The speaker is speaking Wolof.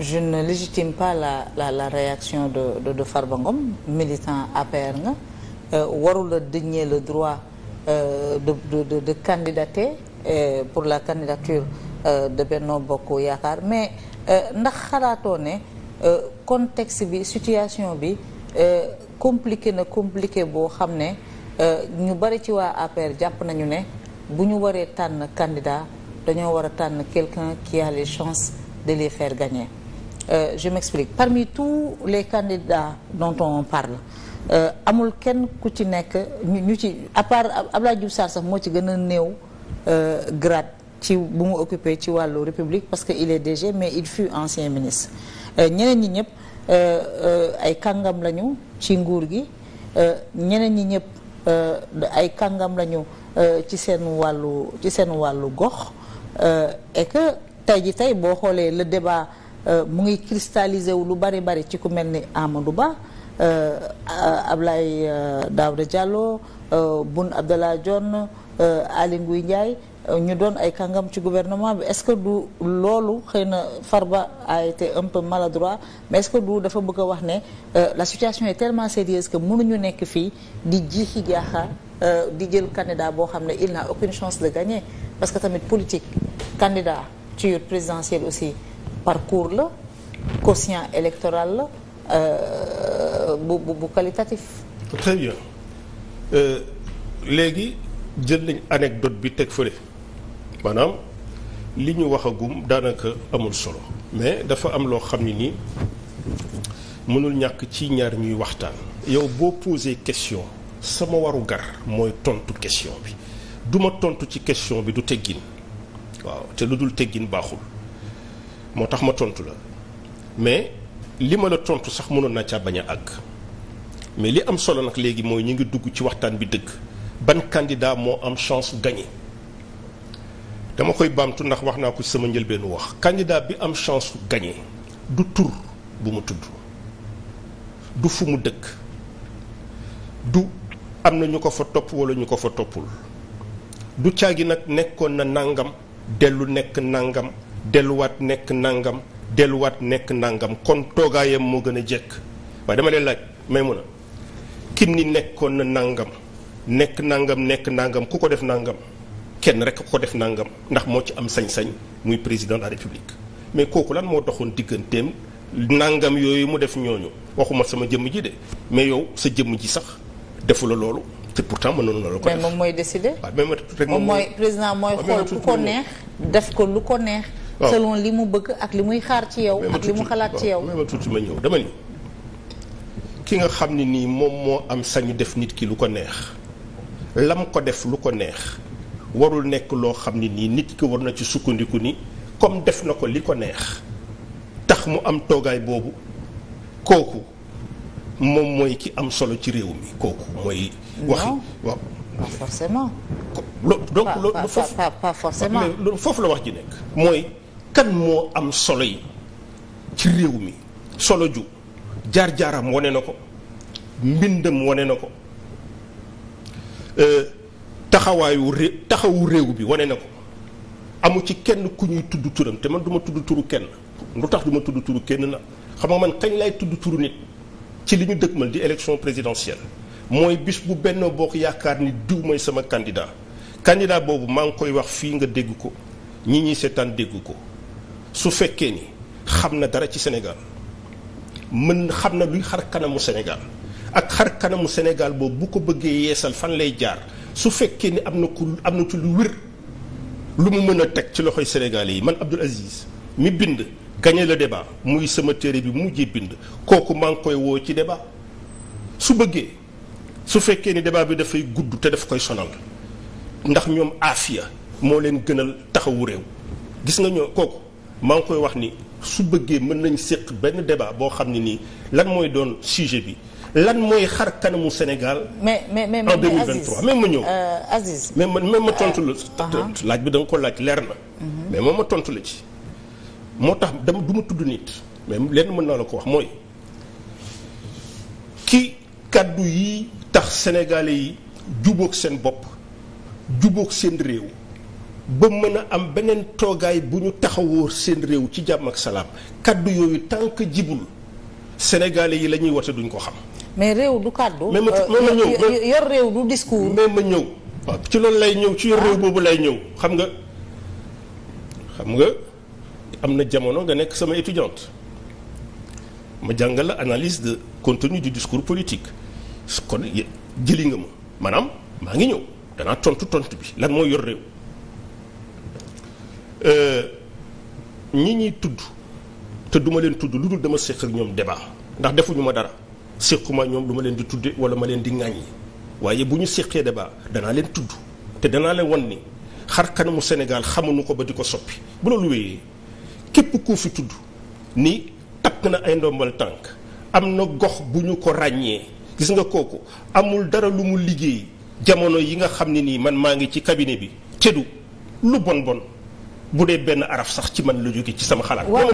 je ne légitime pas la la la réaction de de, de Farba Ngom militant APR nga warula euh, warul le droit euh, de de de de candidater euh, pour la candidature euh, de Benno Bokk Yaakaar mais euh, ndax xalaatoo ne contexte bi situation bi compliqué na compliqué boo xam ne ñu bari ci waa APR jàpp nañu ne bu ñu waree tànn candidat dañoo war a tànn quelqu'un qui a les chances de les faire gagner. euh, je m'explique parmi tous les candidats dont on parle euh, amul kenn ku ci nekk ñu ci à part Abdoulaye Diouf Sarr sax moo ci gën a néew euh, grade ci bu mu occupé ci wàllu République parce que il est DG mais il fut ancien ministre euh, ñeneen ñi ñëpp ay kàngam lañu ci nguur gi ñeneen ñi ñëpp ay kàngam lañu ci seen wàllu ci seen wàllu gox et que tey ji tey boo xoolee le débat Euh, mu ngi cristalliser wu lu bari bari ci ku mel ni Amadou Ba ab euh, lay Ablaye euh, Daouda Diallo Boun Abdallah Dionne Aly Ngouille Ndiaye ñu doon ay kàngam ci gouvernement bi est-ce que du loolu xëy na far ba a te un peu maladroit mais est-ce que du dafa bëgg wax ne la situation est tellement sérieuse que mënuñu nekk fii di jiixi jaaxa di jël candidat boo xam ne il n'a aucune chance de gagner parce que tamit politique candidat ci présidentielle aussi parcours la quotient électoral la euh, bu bu bu qualitatif. très bien euh, léegi jël nañ anecdote bi teg fële maanaam li ñu waxagum daanaka amul solo mais dafa am loo xam ne ni mënul ñàkk ci ñaar ñuy waxtaan. yow boo posé question sama waru gar mooy tontu question bi du ma tontu ci question bi du teggin waaw te lu dul teggin baaxul. moo tax ma tontu la mais li ma la tontu sax mënoon naa caa bañ a àgg mais li am solo nag léegi mooy ñu ngi dugg ci waxtaan bi dëkk ban candidat moo am chance gagné dama koy baamtu ndax wax naa ko ci sama njëlbeenu wax candidat bi am chance gagné du tur bu mu tudd du fu mu dëkk du am na ñu ko fa topp wala ñu ko fa toppul du caagi nag nekkoon na nangam dellu nekk nangam delluwaat nekk nangam delluwaat nekk nangam kon toogaayam moo gën a jekk waaye dama leen laaj may mun a kim ni nekkoon na nangam nekk nangam nekk nangam ku ko def nangam kenn rek ku ko def nangam ndax moo ci am sañ-sañ muy président de la mais kooku lan moo doxoon digganteem nangam yooyu mu def ñooñu waxuma sama jëmm ji de mais yow sa jëmm ji sax defu la loolu te pourtant mënoon na la ko def mais moom mooy décider. Ah, moom mooy président mooy ah, xool ku ko neex def ko lu ko neex. selon li mu bëgg ak li muy xaar ci yow ak li mu xalaat ci yow mais ma tuuti ma ñëw dama ki nga xam ne nii moom moo am sañu def nit ki lu ko neex lam ko def lu ko neex warul nekk loo xam ne nii nit ki war na ci sukkandiku ni comme def na ko li ko neex tax mu am toogaay boobu kooku moom mooy ki am solo ci réew mi kooku mooy wax waaw pas forcément foofu foofu la wax ji nekk mooy kan moo am solo yi ci réew mi solo ju jaar-jaaram wane na ko mbindam wane na ko euh, taxawaayu ré taxawu réew bi wane na ko amu ci kenn ku ñuy tudd turam te man duma tudd turu kenn lu tax du ma tudd turu kenn na xam nga man kañ lay tudd turu nit ci li ñu ma di élection présidentielle mooy bis bu benn Bokk Yaakaar ni diw mooy sama candidat candidat boobu maa ngi koy wax fii nga dégg ko ñi ñuy seetaan dégg ko su fekkee ni xam na dara ci Sénégal mën xam na luy xar kanamu Sénégal ak xar kanamu Sénégal boobu bu ko bëggee yeesal fan lay jaar su fekkee ni am na ku am na ci lu wér lu mu mën a teg ci loxo Sénégalais yi man Abdoul Aziz mi bind gagné le débat muy sama téere bi mujjee bind kooku maa ngi koy woo ci débat su bëggee su fekkee ni debaa bi dafay gudd te daf koy sonal ndax ñoom aafiya moo leen gënal taxawu réew gis nga ñoo kooku maa ngi koy wax ni su bëggee mën nañ séq benn débat boo xam ne nii lan mooy doon sujet bi lan mooy xar kanamu Sénégal. mais mais mais en 2023 même ma ñëw. Euh, Aziz même ma même ma tontu la. Ah, ah. laaj bi da nga ko laaj leer na. Mhm. mais moom ma tontu la ci. moo tax dama du ma tudd nit mais lenn mën naa la ko wax mooy ki kàddu yi tax sénégalais yi jubóog seen bopp jubóog seen réew. ba mën a am beneen toogaay bu ñu taxawoo seen réew ci jàmm ak salaam kàddu yooyu tant jibul sénégalais yi la ñuy wote duñ ko xam. mais réew du kaddu. mais ma euh, ñëw yor réew du discours. mais ma ñëw ci loolu lay ñëw ci yor réew ah. boobu lay ñëw xam nga xam nga am na jamono nga nekk sama étudiante ma jàngal analyse de contenu du discours politique kon jëli nga ma maanaam maa ngi ñëw danaa tontu tontu bi lan mooy yor réew. Euh, ñi ñuy tudd te duma leen tudd lu dul dama séq ak ñoom débat ndax defuñu ma dara séquma ñoom duma leen di tuddee wala ma leen di ŋàññi waaye bu ñu séqee debaa danaa leen tudd te danaa leen wan ni xar kanamu Sénégal xamuñu ko ba di ko soppi bu loolu wéyee képp koo fi tudd ni takk na ay ndombal tànk am na gox bu ñu ko ràññee gis nga kooku amul dara lu mu liggéey jamono yi nga xam ne nii man maa ngi ci cabinet bi cëdu lu bon bon bu dee benn araf sax ci man la jóge ci sama xalaat.